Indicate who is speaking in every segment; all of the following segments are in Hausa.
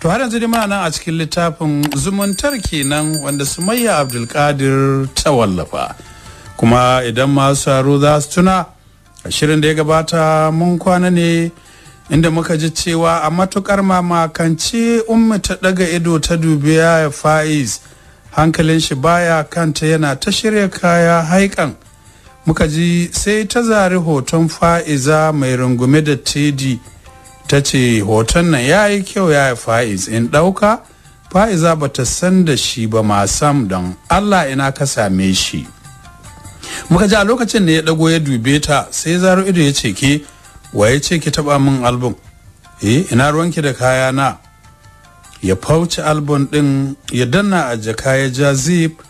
Speaker 1: to har yanzu dai nan a cikin littafin zumuntar kenan wanda sumayya abdulkadir ta wallafa kuma idan masu haro za su tuna ashirin da ya gabata mun kwana ne inda muka ji cewa a matukar mamakanci, umma ta daga ido ta dubiya ya fa'iz hankalin shi baya kanta yana ta shirya kaya haikan muka ji sai ta zari hoton fa'iza mai rungume da tedi ta ce hoton nan ya yi kyau ya yi fa'iz in ɗauka fa'iza ba ta san da shi ba ma sam don allah ina ka same shi muka ji a lokacin da ya ɗago ya dube ta sai zaro ido ya ce ke wa ya ce ki taɓa min album eh ina ruwanki da kaya na ya fauci album ɗin ya danna a jaka ya ja zip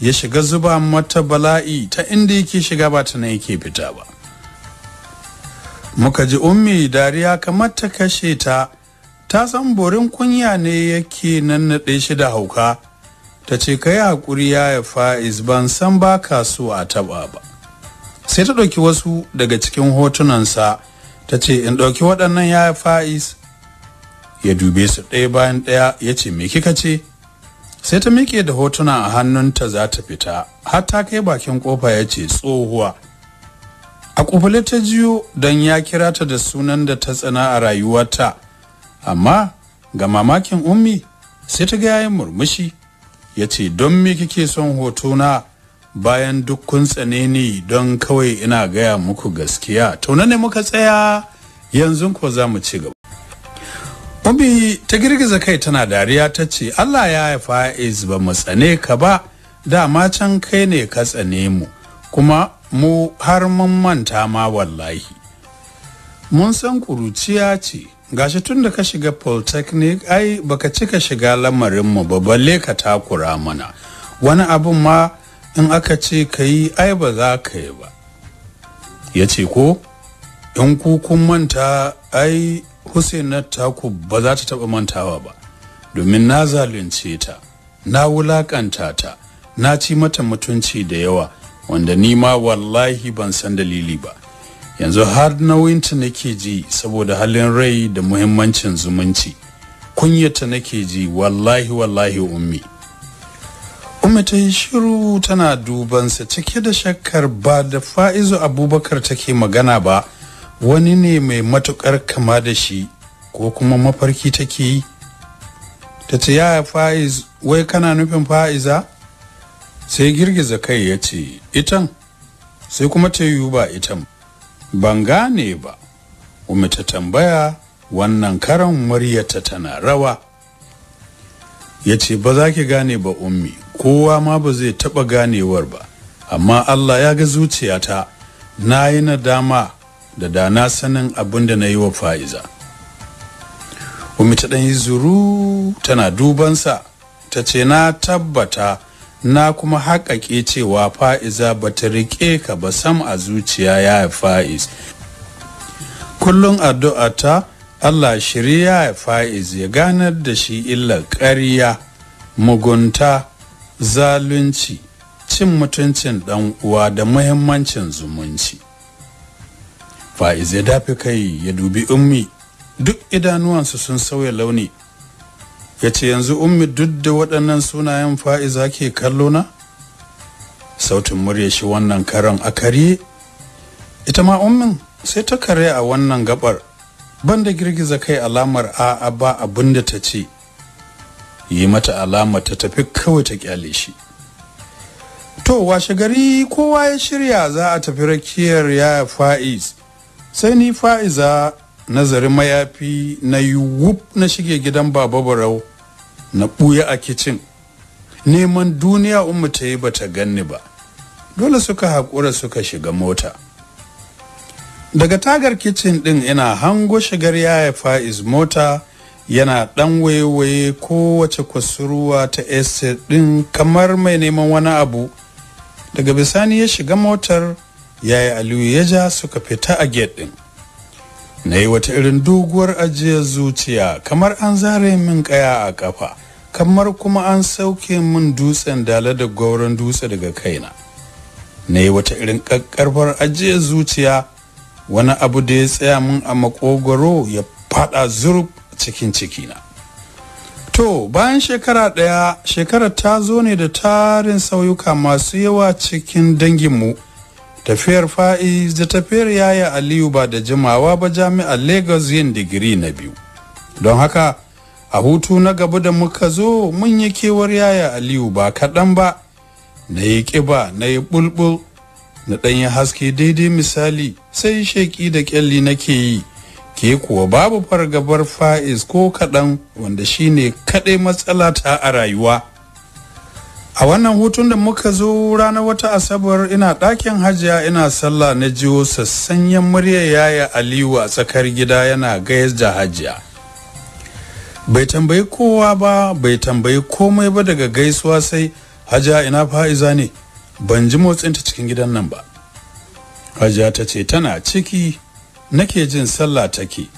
Speaker 1: ya shiga zuba mata bala'i ta inda yake shiga ba ta nan yake fita ba muka ji ummi dariya kamar ta kashe ta ta san borin kunya ne yake nannaɗe shi da hauka ta ce ka yi haƙuri ya ya fa'iz ban san ba kasuwa taɓa ba sai ta ɗauki wasu daga cikin hotunansa ta ce in ɗauki waɗannan ya ya fa'iz ya dube su ɗaya bayan ɗaya ya ce me kika ce sai ta miƙe da hotuna a hannunta za ta fita har ta kai bakin ƙofa ya ce tsohuwa a kufule ta jiyo don ya kira ta da sunan da ta tsana a rayuwarta amma ga mamakin ummi sai ta ga yayin murmushi ya ce don me kike son hotona bayan duk kun tsane ne don kawai ina gaya muku gaskiya tauna ne muka tsaya yanzu ko za mu ci gaba ummi ta girgiza kai tana dariya ta ce allah ya haifa is ba mu tsane ka ba dama can kai ne ka tsane mu kuma mu har mun manta ma wallahi mun san kuruciya ce gashi tun da ka shiga polytechnic ai baka cika shiga lamarin mu ba balle ka takura mana wani abun ma in aka ce ka yi ai ba za ka yi ba ya ce ko in ku kun manta ai husainat taku ba za ta taɓa mantawa ba domin na zalunce ta na wulakanta ta na ci mata mutunci da yawa wanda ni ma wallahi ban san dalili ba yanzu har nauyin ta nake ji saboda halin rai da muhimmancin zumunci kunyata nake ji wallahi wallahi ummi ummi ta yi shiru tana dubansa cike da shakkar ba da fa'izu abubakar take magana ba wani ne mai matukar kama da shi ko kuma mafarki take yi ta ce ya fa'iz wai kana nufin fa'iza sai girgiza kai ya ce itan sai kuma ta yiwu ba itan ban gane ba kuma ta tambaya wannan karan muryarta tana rawa ya ce ba za ki gane ba ummi kowa ma ba zai taɓa ganewar ba amma allah ya ga zuciyata na yi dama da da na sanin abin da na yi wa fa'iza kuma ta ɗan yi zuru tana dubansa ta ce na tabbata na kuma haƙaƙe cewa fa'iza ba ta riƙe ka ba sam a zuciya ya fa'iz kullum addu'a ta allah shirya ya fa'iz ya ganar da shi illar ƙarya mugunta zalunci cin mutuncin ɗan uwa da muhimmancin zumunci fa'iz ya dafi kai ya dubi ummi duk idanuwansu sun sauya launi ya ce yanzu ummi duk da waɗannan sunayen fa'iza ke kallo na sautin murya shi wannan karan a kare ita ma ummin sai ta kare a wannan gabar banda girgiza kai alamar a'a ba abin da ta ce yi mata alama ta tafi kawai ta kyale shi to washe gari kowa ya shirya za a tafi rakiyar ya fa'iz sai ni fa'iza nazarin mayafi na yiwup na shige gidan baba barau na buya a kicin neman duniya umma ta yi ba bata ganni ba dole suka haƙura suka shiga mota daga tagar kicin ɗin ina hango shigar yaya fa'iz mota yana ɗan waiwaye kowace kusurwa ta estate ɗin kamar mai neman wani abu daga bisani ya shiga motar yaya aliyu ya ja suka fita a gate ɗin na yi wata irin doguwar ajiyar zuciya kamar an zare min kaya a kafa kamar kuma an sauke min dutsen dala da gauran dutse daga kaina na yi wata irin kakkarfar ajiyar zuciya wani abu da ya tsaya min a makogwaro ya fada zurf cikin cikina to bayan shekara ɗaya shekara ta zo ne da tarin sauyuka masu yawa cikin danginmu tafiyar fai da tafiyar yaya aliyu ba da jimawa ba jami'ar lagos yin digiri na biyu don haka a hutu na gaba da muka zo mun yi kewar yaya aliyu ba kaɗan ba na yi ƙiba na yi ɓulɓul na ɗan ɗanyi haske daidai misali sai sheƙi da ƙyalli nake yi ke kuwa babu fargabar fa'iz ko kaɗan wanda shine kaɗai matsala ta a rayuwa a wannan hutun da muka zo ranar wata asabar ina ɗakin hajiya ina sallah na jiwo sassanyen murya yaya aliyu a tsakar gida yana gayar da hajiya bai tambayi kowa ba bai tambayi komai ba daga gaisuwa sai hajiya ina fa'iza ne ban ji motsinta cikin gidan nan ba hajiya ta ce tana ciki nake jin sallah take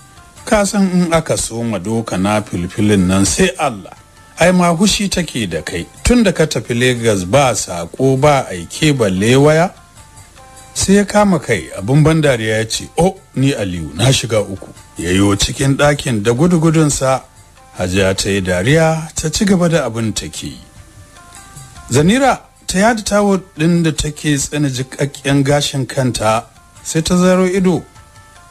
Speaker 1: kasan in aka soma doka na filfilin nan sai allah ai ma hushi take da kai tun da ka tafi Legas ba sako ba aike balle waya sai ya kama kai abin ban dariya ya ce oh ni aliyu na shiga uku yayo cikin ɗakin da gudugudunsa hajiya ta yi dariya ta ci gaba da abin take yi zanira ta yada tawo ɗin da take tsana jikakken gashin kanta sai ta zaro ido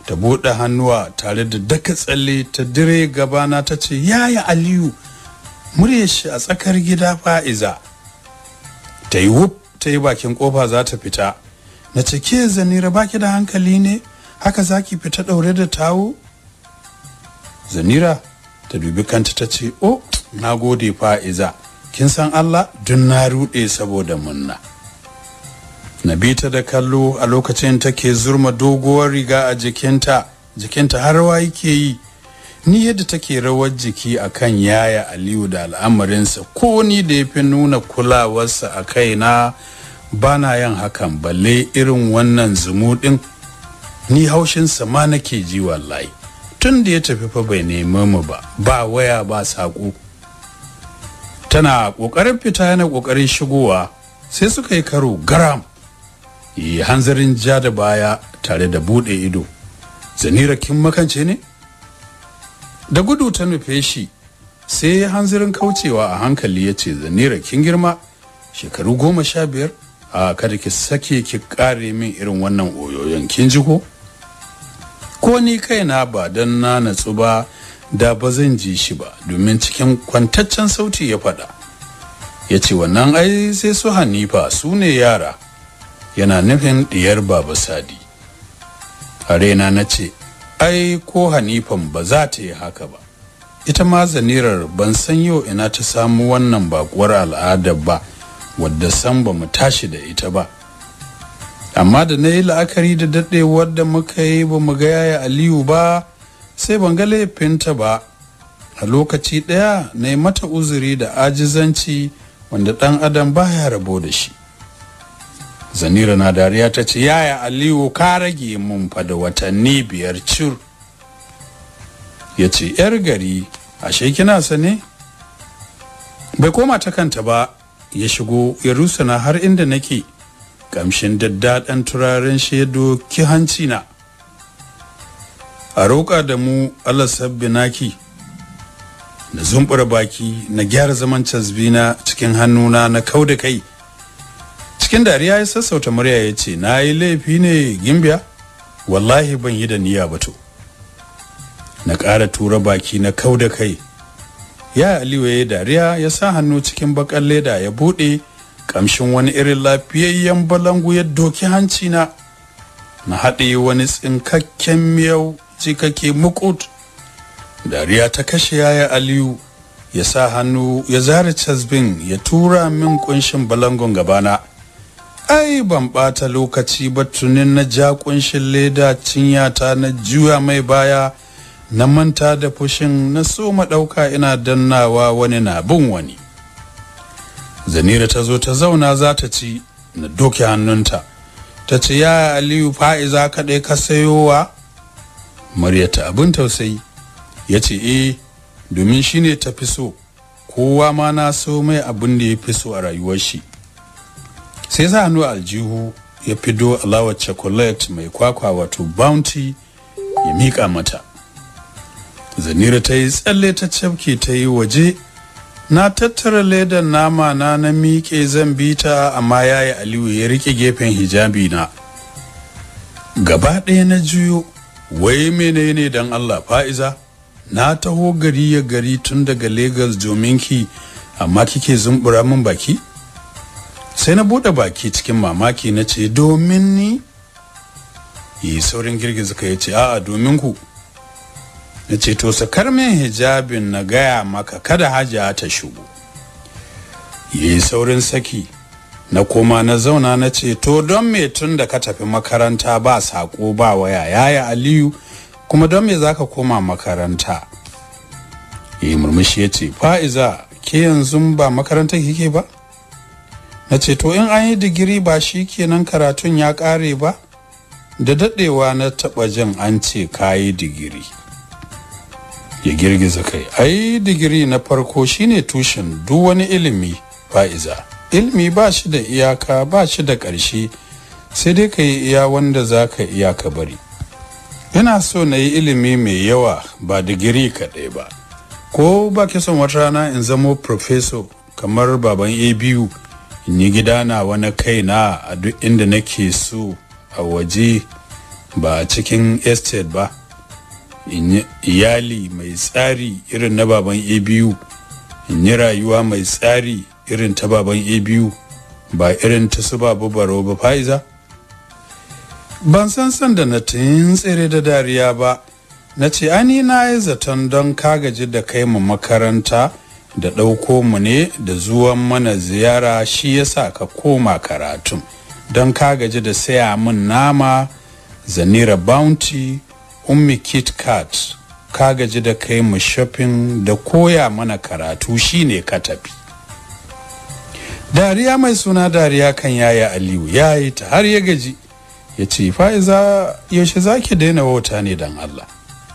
Speaker 1: ta buɗe hannuwa tare da daka tsalle ta dire gabana ta ce yaya aliyu muryar shi a tsakar gida fa'iza ta yi wuf ta yi bakin kofa za ta fita na cike zanira baki da hankali ne haka zaki fita ɗaure da tawo zanira ta dubi kanta ta ce o oh, na gode fa'iza kin san allah dun na ruɗe saboda munna na bi ta da kallo a lokacin take zurma doguwar riga a jikinta jikinta har wa yake yi ni yadda take rawar jiki akan yaya aliyu da al'amarinsa ko ni da ya fi nuna kulawarsa a kaina ba na yin hakan balle irin wannan zumuɗin ni haushinsa ma nake ji wallahi tun da ya tafi fa bai nemi mu ba ba waya ba saƙo tana ƙoƙarin fita yana ƙoƙarin shigowa sai suka yi karo garam yi hanzarin ja da baya tare da buɗe ido zanira kin makance ne da gudu ta nufe shi sai ya hanzirin kaucewa a hankali ya ce zanira kin girma shekaru goma sha biyar a kada ki sake ki kare min irin wannan oyoyon kin ji ko ko ni kaina ba don na natsu ba da ba zan ji shi ba domin cikin kwantaccen sauti ya faɗa ya ce wannan ai sai su hanifa su ne yara yana nufin ɗiyar baba sadi a na ce ai ko hanifan ba za ta yi haka ba ita ma zanirar ban san yau ina ta samu wannan bakuwar al'ada ba wadda san ba mu tashi da ita ba amma da na yi la'akari da daɗewar da muka yi ba mu gaya ya aliyu ba sai ban ga laifinta ba a lokaci ɗaya na yi mata uzuri da ajizanci wanda ɗan adam ba ya rabo da shi zanira na dariya ta ce yaya aliyu ka rage mun fa watanni biyar cir ya ce yar gari ashe kina sane bai koma ta kanta ba ya shigo ya rusana har inda nake kamshin daddaɗan turaren shi ki hanci na a roƙa da mu allah sabbi naki na zumbura baki na gyara zaman cazbina cikin hannuna na kau da kai cikin dariya ya sassauta murya ya ce na yi laifi ne gimbiya wallahi ban yi da niyya ba to na ƙara tura baki na kau da kai ya aliyu ya dariya ya sa hannu cikin bakan leda ya buɗe ƙamshin wani irin lafiyayyen balangu ya doki hanci na na haɗe wani tsinkakken miyau jikake mukut dariya ta kashe yaya aliyu ya sa hannu ya zara casbin ya tura min kunshin balangon gabana ai ban bata lokaci ba tunin na ja kunshin leda cinya ta na juya mai baya na manta da fushin na so ɗauka ina dannawa wani na bin wani zanira ta zo ta zauna za ta ci na doke hannunta ta ce ya aliyu fa'iza kaɗai ka sayowa maryata abin tausayi ya ce eh domin shine ta fi so kowa ma na so mai abin da ya fi so a rayuwar shi sai sa hannu aljihu ya fido alawar chocolate mai kwakwa wato bounty ya mika mata zanira ta yi tsalle ta cafke ta yi waje na tattara ledan nama na na miƙe zan bi ta amma yi aliyu ya rike gefen hijabi na gaba ɗaya na juyo wai menene don allah fa'iza na taho gari ya gari tun daga lagos domin ki amma kike zumbura min baki sai na buɗe baki cikin mamaki na ce domin ni yi saurin girgiza ka ya ce a'a domin ku na ce to sakar min hijabin na gaya maka kada hajiya ta shigo yi saurin saki na koma na zauna na ce to don me tun da ka tafi makaranta ba sako ba waya yaya aliyu kuma don me za ka koma makaranta yi murmushi ya ce fa'iza ke yanzu ba makaranta kike ba na ce to in an yi digiri ba shi kenan karatun ya kare ba da daɗewa na taɓa jin an ce ka yi digiri ya girgiza kai ai digiri na farko shine tushen duk wani ilimi fa'iza ilimi ba shi da iyaka ba shi da ƙarshe sai dai ka yi iya wanda za ka iya ka bari ina so na yi ilimi mai yawa ba digiri kaɗai ba ko ba ki son wata rana in zamo professor kamar baban abu in yi gida na wani kaina a duk inda nake so a waje ba cikin estate ba in yi iyali mai tsari irin na baban abu in yi rayuwa mai tsari irin ta baban abu ba irin ta su babu baro ba fa'iza ban san san da na tun tsere da dariya ba na ce ani na yi zaton don kagaji da kai mu makaranta da ɗauko mu ne da zuwan mana ziyara shi yasa ka koma karatun don ka gaji da saya min nama zanira bounty ummi kit kat ka gaji da kai mu shopping da koya mana karatu shine ka tafi dariya mai suna dariya kan yaya aliyu ya yi ta har ya gaji ya ce fa'iza yaushe za ki daina wauta ne don allah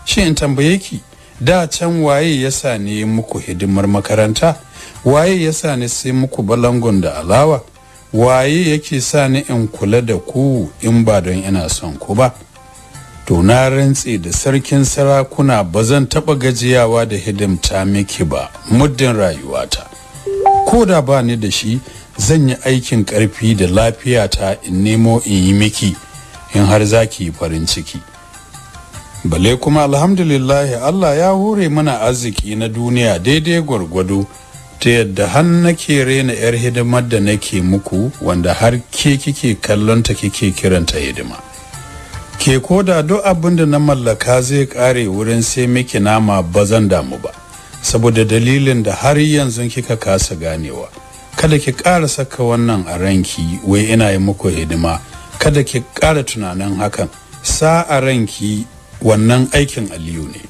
Speaker 1: shi in tambaye ki da can waye ya sa ni muku hidimar makaranta waye ya sa ni sai muku balangon da alawa waye yake sa ni in kula da ku in ba don ina son ku ba to na rantse da sarkin sarakuna ba zan taɓa gajiyawa da hidimta miki ba muddin rayuwata ko da ba ni da shi zan yi aikin ƙarfi da lafiyata in nemo in yi miki in har za farin ciki bale kuma alhamdulillahi Allah ya hore mana arziki na duniya daidai gwargwado ta yadda har nake rena yar hidimar da nake muku wanda har ke kike kallonta kike kiranta hidima ke ko da duk abin da na mallaka zai kare wurin sai miki nama ba zan damu ba saboda dalilin da har yanzu kika kasa ganewa kada ki ƙara saka wannan a ranki wai ina yi muku hidima kada ki ƙara tunanin hakan sa a ranki wannan aikin aliyu ne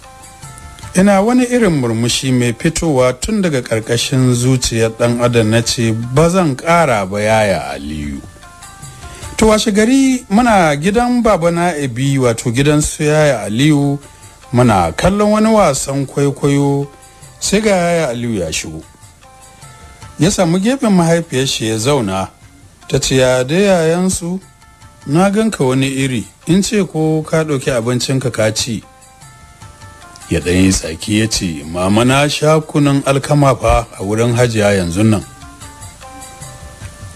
Speaker 1: ina wani irin murmushi mai fitowa tun daga ƙarƙashin zuciyar ɗan adam na ce ba zan ƙara ba yaya aliyu to washe gari muna gidan baba na ebi wato gidan su yaya aliyu muna kallon wani wasan kwaikwayo sai ga yaya aliyu ya shigo ya samu gefen mahaifiyar shi ya zauna ta ce da yayansu na ganka wani iri in ce ko ka ɗauki abincinka ka ci ya ɗan yi tsaki ya ce mama na sha kunan alkama fa a wurin hajiya yanzu nan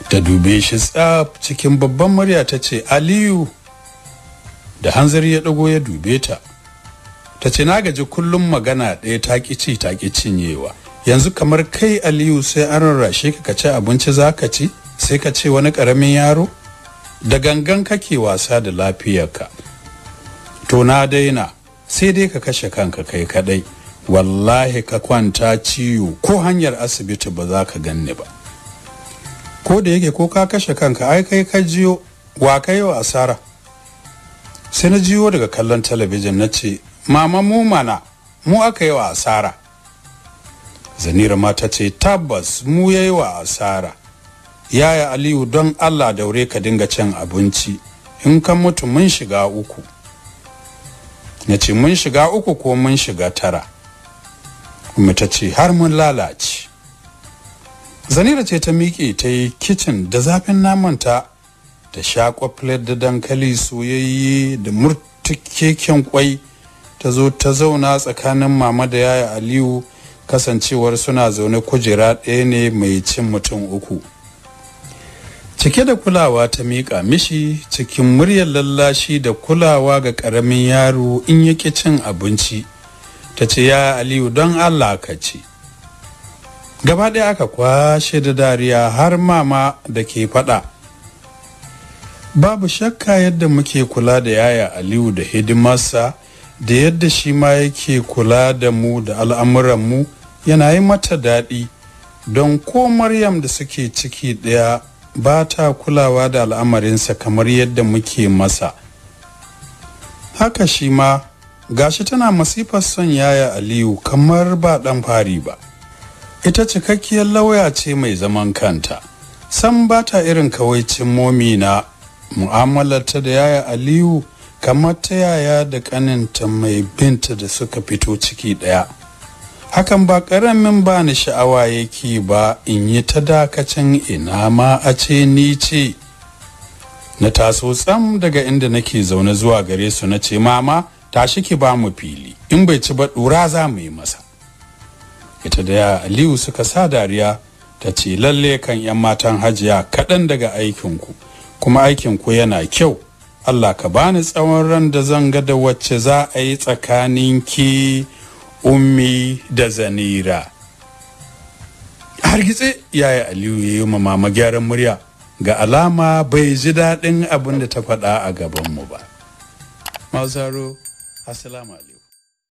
Speaker 1: ta dube shi tsaf cikin babban murya ta ce aliyu da hanzar ya ɗago ya dube ta ta ce na gaji kullum magana ɗaya ta ci ta cinyewa yanzu kamar kai aliyu sai an rarrashe ka ka ci abinci za ka ci sai ka ce wani ƙaramin yaro da gangan kake wasa da lafiyarka to na daina sai dai ka kashe kanka kai kadai wallahi ka kwanta ciwo ko hanyar asibiti ba za ka ganni ba ko da yake ko ka kashe kanka ai kai ka jiyo wa ka wa asara sai na jiyo daga kallon talabijin na ce mama mu mana mu aka yi wa asara zanira mata ce tabbas mu ya wa asara yaya aliyu don allah daure ka dinga cin abinci in kan mutu mun shiga uku na ce mun shiga uku ko mun shiga tara kuma ta ce har mun lalace zanira ce ta miƙe ta yi kicin da zafin namanta ta sha filet da dankali soyayye da murtukeken kwai ta zo ta zauna tsakanin mama da yaya aliyu kasancewar suna zaune kujera ɗaya ne mai cin mutum uku cike da kulawa ta miƙa mishi cikin muryar lallashi da kulawa ga ƙaramin yaro in yake cin abinci ta ce ya aliyu don allah ka ci gaba ɗaya aka kwashe da dariya har mama da ke faɗa babu shakka yadda muke kula da yaya aliyu da hidimarsa da yadda shi ma yake kula da mu da al'amuranmu yana yi mata daɗi don ko maryam da suke ciki ɗaya ba ta kulawa da al'amarinsa kamar yadda muke masa haka shi ma gashi tana masifar son yaya aliyu kamar ba dan fari ba ita cikakkiyar lauya ce mai zaman kanta san ba ta irin kawaicin momina, na mu'amalarta da yaya aliyu kamar ta yaya da kaninta mai binta da suka fito ciki daya hakan ba ƙaramin ba ni sha'awa yake ba in yi ta dakacin ina ma a ce ni ce na taso tsam daga inda nake zaune zuwa gare su na ce mama tashi ki ba mu fili in bai ci ba dura za mu yi masa ita da aliyu suka sa dariya ta ce lalle kan 'yan matan hajiya kaɗan daga aikinku kuma aikinku yana kyau Allah ka bani tsawon ran da zan ga da wacce za a yi tsakaninki ki ummi da zanira hargitse yaya aliyu ya yi mama gyaran murya ga alama bai ji daɗin abin da ta faɗa a gabanmu ba mazaro assalamu